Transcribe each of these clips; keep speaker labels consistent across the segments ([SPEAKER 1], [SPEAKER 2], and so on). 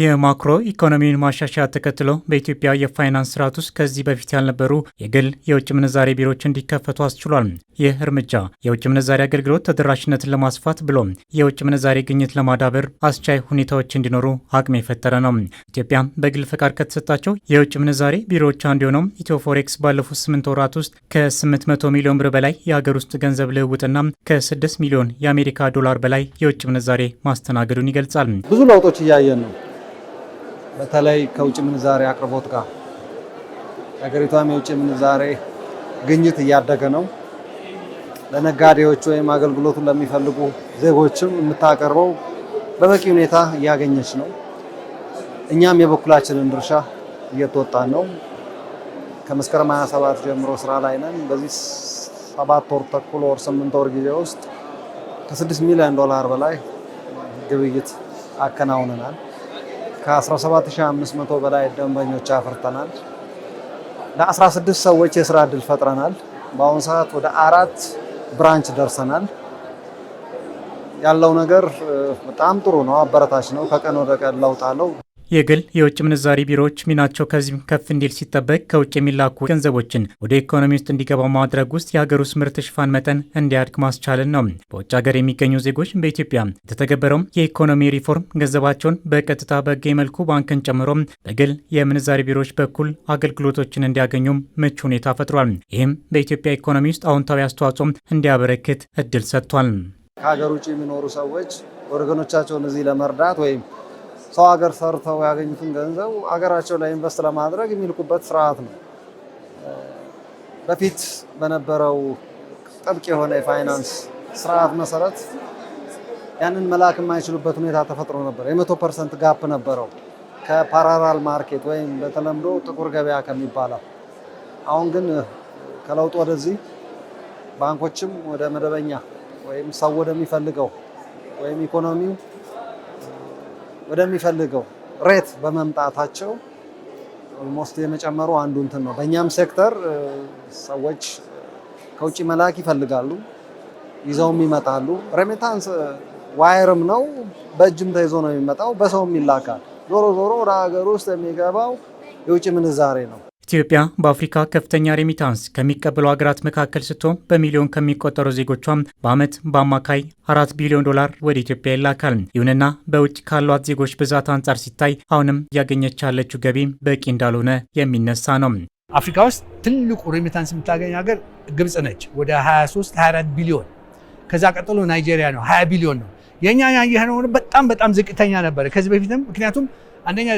[SPEAKER 1] የማክሮ ኢኮኖሚን ማሻሻያ ተከትሎ በኢትዮጵያ የፋይናንስ ስርዓት ውስጥ ከዚህ በፊት ያልነበሩ የግል የውጭ ምንዛሬ ቢሮዎች እንዲከፈቱ አስችሏል። ይህ እርምጃ የውጭ ምንዛሬ አገልግሎት ተደራሽነትን ለማስፋት ብሎም የውጭ ምንዛሬ ግኝት ለማዳበር አስቻይ ሁኔታዎች እንዲኖሩ አቅም የፈጠረ ነው። ኢትዮጵያ በግል ፈቃድ ከተሰጣቸው የውጭ ምንዛሬ ቢሮዎች አንዱ የሆነው ኢትዮፎሬክስ ባለፉት ስምንት ወራት ውስጥ ከ800 ሚሊዮን ብር በላይ የሀገር ውስጥ ገንዘብ ልውውጥና ከ6 ሚሊዮን የአሜሪካ ዶላር በላይ የውጭ ምንዛሬ ማስተናገዱን ይገልጻል።
[SPEAKER 2] ብዙ ለውጦች እያየን ነው በተለይ ከውጭ ምንዛሬ አቅርቦት ጋር ሀገሪቷም የውጭ ምንዛሬ ግኝት እያደገ ነው። ለነጋዴዎች ወይም አገልግሎቱን ለሚፈልጉ ዜጎችም የምታቀርበው በበቂ ሁኔታ እያገኘች ነው። እኛም የበኩላችንን ድርሻ እየተወጣን ነው። ከመስከረም 27 ጀምሮ ስራ ላይ ነን። በዚህ ሰባት ወር ተኩል ወር ስምንት ወር ጊዜ ውስጥ ከ6 ሚሊዮን ዶላር በላይ ግብይት አከናውነናል። ከ17500 በላይ ደንበኞች አፍርተናል። ለ16 ሰዎች የስራ እድል ፈጥረናል። በአሁኑ ሰዓት ወደ አራት ብራንች ደርሰናል። ያለው ነገር በጣም ጥሩ ነው፣ አበረታች ነው። ከቀን ወደ ቀን ለውጥ አለው።
[SPEAKER 1] የግል የውጭ ምንዛሪ ቢሮዎች ሚናቸው ከዚህም ከፍ እንዲል ሲጠበቅ ከውጭ የሚላኩ ገንዘቦችን ወደ ኢኮኖሚ ውስጥ እንዲገባ ማድረግ ውስጥ የሀገር ውስጥ ምርት ሽፋን መጠን እንዲያድግ ማስቻልን ነው። በውጭ ሀገር የሚገኙ ዜጎች በኢትዮጵያ የተተገበረውም የኢኮኖሚ ሪፎርም ገንዘባቸውን በቀጥታ በህጋዊ መልኩ ባንክን ጨምሮ በግል የምንዛሪ ቢሮዎች በኩል አገልግሎቶችን እንዲያገኙም ምቹ ሁኔታ ፈጥሯል። ይህም በኢትዮጵያ ኢኮኖሚ ውስጥ አዎንታዊ አስተዋጽኦም እንዲያበረክት እድል ሰጥቷል።
[SPEAKER 2] ከሀገር ውጭ የሚኖሩ ሰዎች ወገኖቻቸውን እዚህ ለመርዳት ወይም ሰው ሀገር ሰርተው ያገኙትን ገንዘብ ሀገራቸው ላይ ኢንቨስት ለማድረግ የሚልኩበት ስርዓት ነው። በፊት በነበረው ጥብቅ የሆነ የፋይናንስ ስርዓት መሰረት ያንን መላክ የማይችሉበት ሁኔታ ተፈጥሮ ነበር። የመቶ ፐርሰንት ጋፕ ነበረው ከፓራራል ማርኬት ወይም በተለምዶ ጥቁር ገበያ ከሚባለው። አሁን ግን ከለውጥ ወደዚህ ባንኮችም ወደ መደበኛ ወይም ሰው ወደሚፈልገው ወይም ኢኮኖሚው ወደሚፈልገው ሬት በመምጣታቸው ኦልሞስት የመጨመሩ አንዱ እንትን ነው። በእኛም ሴክተር ሰዎች ከውጭ መላክ ይፈልጋሉ፣ ይዘውም ይመጣሉ። ሬሚታንስ ዋይርም ነው፣ በእጅም ተይዞ ነው የሚመጣው፣ በሰውም ይላካል። ዞሮ ዞሮ ወደ ሀገር ውስጥ የሚገባው የውጭ ምንዛሬ ነው።
[SPEAKER 1] ኢትዮጵያ በአፍሪካ ከፍተኛ ሬሚታንስ ከሚቀበሉ ሀገራት መካከል ስትሆን በሚሊዮን ከሚቆጠሩ ዜጎቿም በዓመት በአማካይ አራት ቢሊዮን ዶላር ወደ ኢትዮጵያ ይላካል። ይሁንና በውጭ ካሏት ዜጎች ብዛት አንጻር ሲታይ አሁንም እያገኘች ያለችው ገቢ በቂ እንዳልሆነ የሚነሳ ነው።
[SPEAKER 3] አፍሪካ ውስጥ ትልቁ ሬሚታንስ የምታገኝ ሀገር ግብጽ ነች፣ ወደ 23 24 ቢሊዮን። ከዛ ቀጥሎ ናይጄሪያ ነው 20 ቢሊዮን ነው። የእኛ ያየነው በጣም በጣም ዝቅተኛ ነበረ ከዚህ በፊትም ምክንያቱም አንደኛ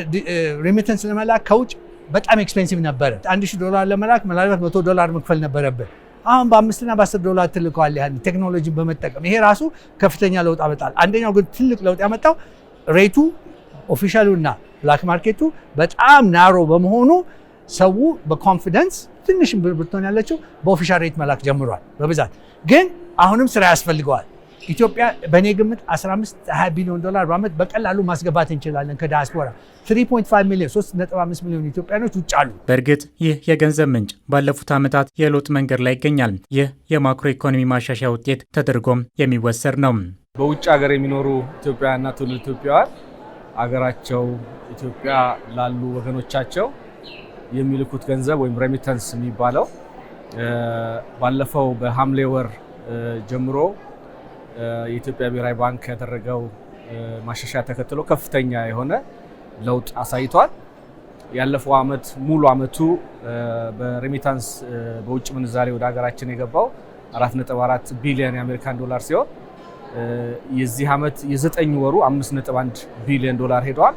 [SPEAKER 3] ሬሚተንስ ለመላክ ከውጭ በጣም ኤክስፔንሲቭ ነበረ። አንድ ሺህ ዶላር ለመላክ ምናልባት መቶ ዶላር መክፈል ነበረብን። አሁን በአምስትና በአስር ዶላር ትልከዋል። ያን ቴክኖሎጂን በመጠቀም ይሄ ራሱ ከፍተኛ ለውጥ አመጣል። አንደኛው ግን ትልቅ ለውጥ ያመጣው ሬቱ ኦፊሻሉና ብላክ ማርኬቱ በጣም ናሮ በመሆኑ ሰው በኮንፊደንስ ትንሽ ብር ብትሆን ያለችው በኦፊሻል ሬት መላክ ጀምሯል በብዛት ግን አሁንም ስራ ያስፈልገዋል። ኢትዮጵያ በእኔ ግምት 15 20 ቢሊዮን ዶላር በዓመት በቀላሉ ማስገባት እንችላለን። ከዲያስፖራ 3.5 ሚሊዮን 3.5 ሚሊዮን ኢትዮጵያኖች ውጭ አሉ።
[SPEAKER 1] በእርግጥ ይህ የገንዘብ ምንጭ ባለፉት ዓመታት የለውጥ መንገድ ላይ ይገኛል። ይህ የማክሮ ኢኮኖሚ ማሻሻያ ውጤት ተደርጎም የሚወሰድ ነው።
[SPEAKER 2] በውጭ ሀገር የሚኖሩ ኢትዮጵያውያንና ትውልደ ኢትዮጵያውያን አገራቸው ኢትዮጵያ ላሉ ወገኖቻቸው የሚልኩት ገንዘብ ወይም ሬሚተንስ የሚባለው ባለፈው በሐምሌ ወር ጀምሮ የኢትዮጵያ ብሔራዊ ባንክ ያደረገው ማሻሻያ ተከትሎ ከፍተኛ የሆነ ለውጥ አሳይቷል። ያለፈው አመት ሙሉ አመቱ በሬሚታንስ በውጭ ምንዛሬ ወደ ሀገራችን የገባው 4.4 ቢሊዮን የአሜሪካን ዶላር ሲሆን የዚህ አመት የዘጠኝ ወሩ 5.1 ቢሊዮን ዶላር ሄደዋል።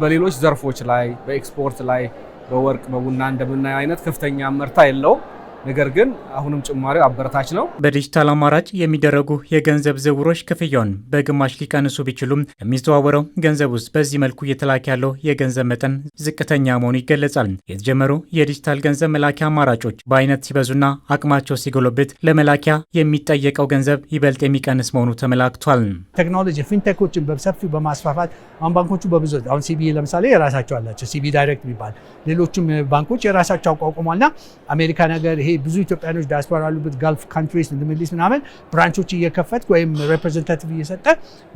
[SPEAKER 2] በሌሎች ዘርፎች ላይ በኤክስፖርት ላይ በወርቅ በቡና እንደምናየው አይነት ከፍተኛ መርታ የለውም። ነገር ግን አሁንም ጭማሪው አበረታች ነው።
[SPEAKER 1] በዲጂታል አማራጭ የሚደረጉ የገንዘብ ዝውውሮች ክፍያውን በግማሽ ሊቀንሱ ቢችሉም የሚዘዋወረው ገንዘብ ውስጥ በዚህ መልኩ እየተላከ ያለው የገንዘብ መጠን ዝቅተኛ መሆኑ ይገለጻል። የተጀመሩ የዲጂታል ገንዘብ መላኪያ አማራጮች በአይነት ሲበዙና አቅማቸው ሲጎሎብት ለመላኪያ የሚጠየቀው ገንዘብ ይበልጥ የሚቀንስ መሆኑ ተመላክቷል።
[SPEAKER 3] ቴክኖሎጂ ፊንቴኮችን በሰፊው በማስፋፋት አሁን ባንኮቹ በብዙ አሁን ሲቢ ለምሳሌ የራሳቸው አላቸው ሲቢ ዳይሬክት የሚባል ሌሎችም ባንኮች የራሳቸው አቋቁሟልና አሜሪካ ነገር ይሄ ይሄ ብዙ ኢትዮጵያኖች ዲያስፖራ ያሉበት ጋልፍ ካንትሪስ እንድምልስ ምናምን ብራንቾች እየከፈት ወይም ሬፕሬዘንታቲቭ እየሰጠ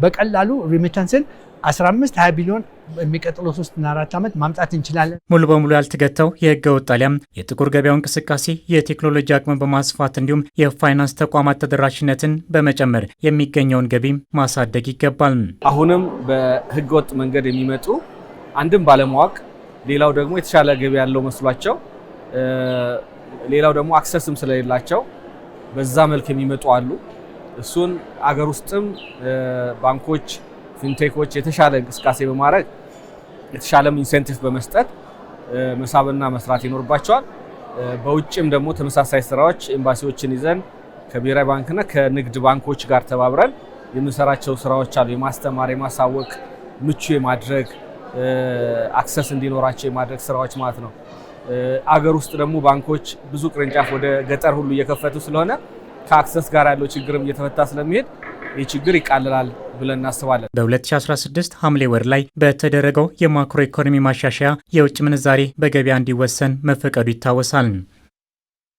[SPEAKER 3] በቀላሉ ሪሚተንስን 15 20 ቢሊዮን የሚቀጥለው እና አራት ዓመት ማምጣት እንችላለን።
[SPEAKER 1] ሙሉ በሙሉ ያልተገተው የህገ ወጥ አሊያም የጥቁር ገበያው እንቅስቃሴ የቴክኖሎጂ አቅምን በማስፋት እንዲሁም የፋይናንስ ተቋማት ተደራሽነትን በመጨመር የሚገኘውን ገቢ ማሳደግ ይገባል።
[SPEAKER 2] አሁንም በህገ ወጥ መንገድ የሚመጡ አንድም ባለማወቅ፣ ሌላው ደግሞ የተሻለ ገቢ ያለው መስሏቸው ሌላው ደግሞ አክሰስም ስለሌላቸው በዛ መልክ የሚመጡ አሉ። እሱን አገር ውስጥም ባንኮች፣ ፊንቴኮች የተሻለ እንቅስቃሴ በማድረግ የተሻለም ኢንሴንቲቭ በመስጠት መሳብና መስራት ይኖርባቸዋል። በውጭም ደግሞ ተመሳሳይ ስራዎች ኤምባሲዎችን ይዘን ከብሔራዊ ባንክና ከንግድ ባንኮች ጋር ተባብረን የምንሰራቸው ስራዎች አሉ። የማስተማር የማሳወቅ፣ ምቹ የማድረግ አክሰስ እንዲኖራቸው የማድረግ ስራዎች ማለት ነው። አገር ውስጥ ደግሞ ባንኮች ብዙ ቅርንጫፍ ወደ ገጠር ሁሉ እየከፈቱ ስለሆነ ከአክሰስ ጋር ያለው ችግርም እየተፈታ ስለሚሄድ ይህ ችግር ይቃልላል ብለን እናስባለን።
[SPEAKER 1] በ2016 ሐምሌ ወር ላይ በተደረገው የማክሮ ኢኮኖሚ ማሻሻያ የውጭ ምንዛሬ በገበያ እንዲወሰን መፈቀዱ ይታወሳል።